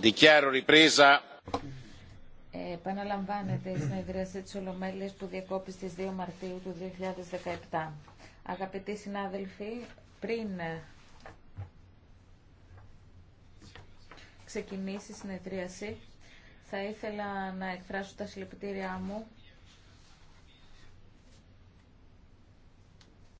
Dichiaro επαναλαμβάνεται η συνεδρίαση τη Ολομέλεια που διακόπη στι 2 Μαρτίου του 2017. Αγαπητοί συνάδελφοι, πριν ξεκινήσει η συνεδρίαση, θα ήθελα να εκφράσω τα συλληπιτήριά μου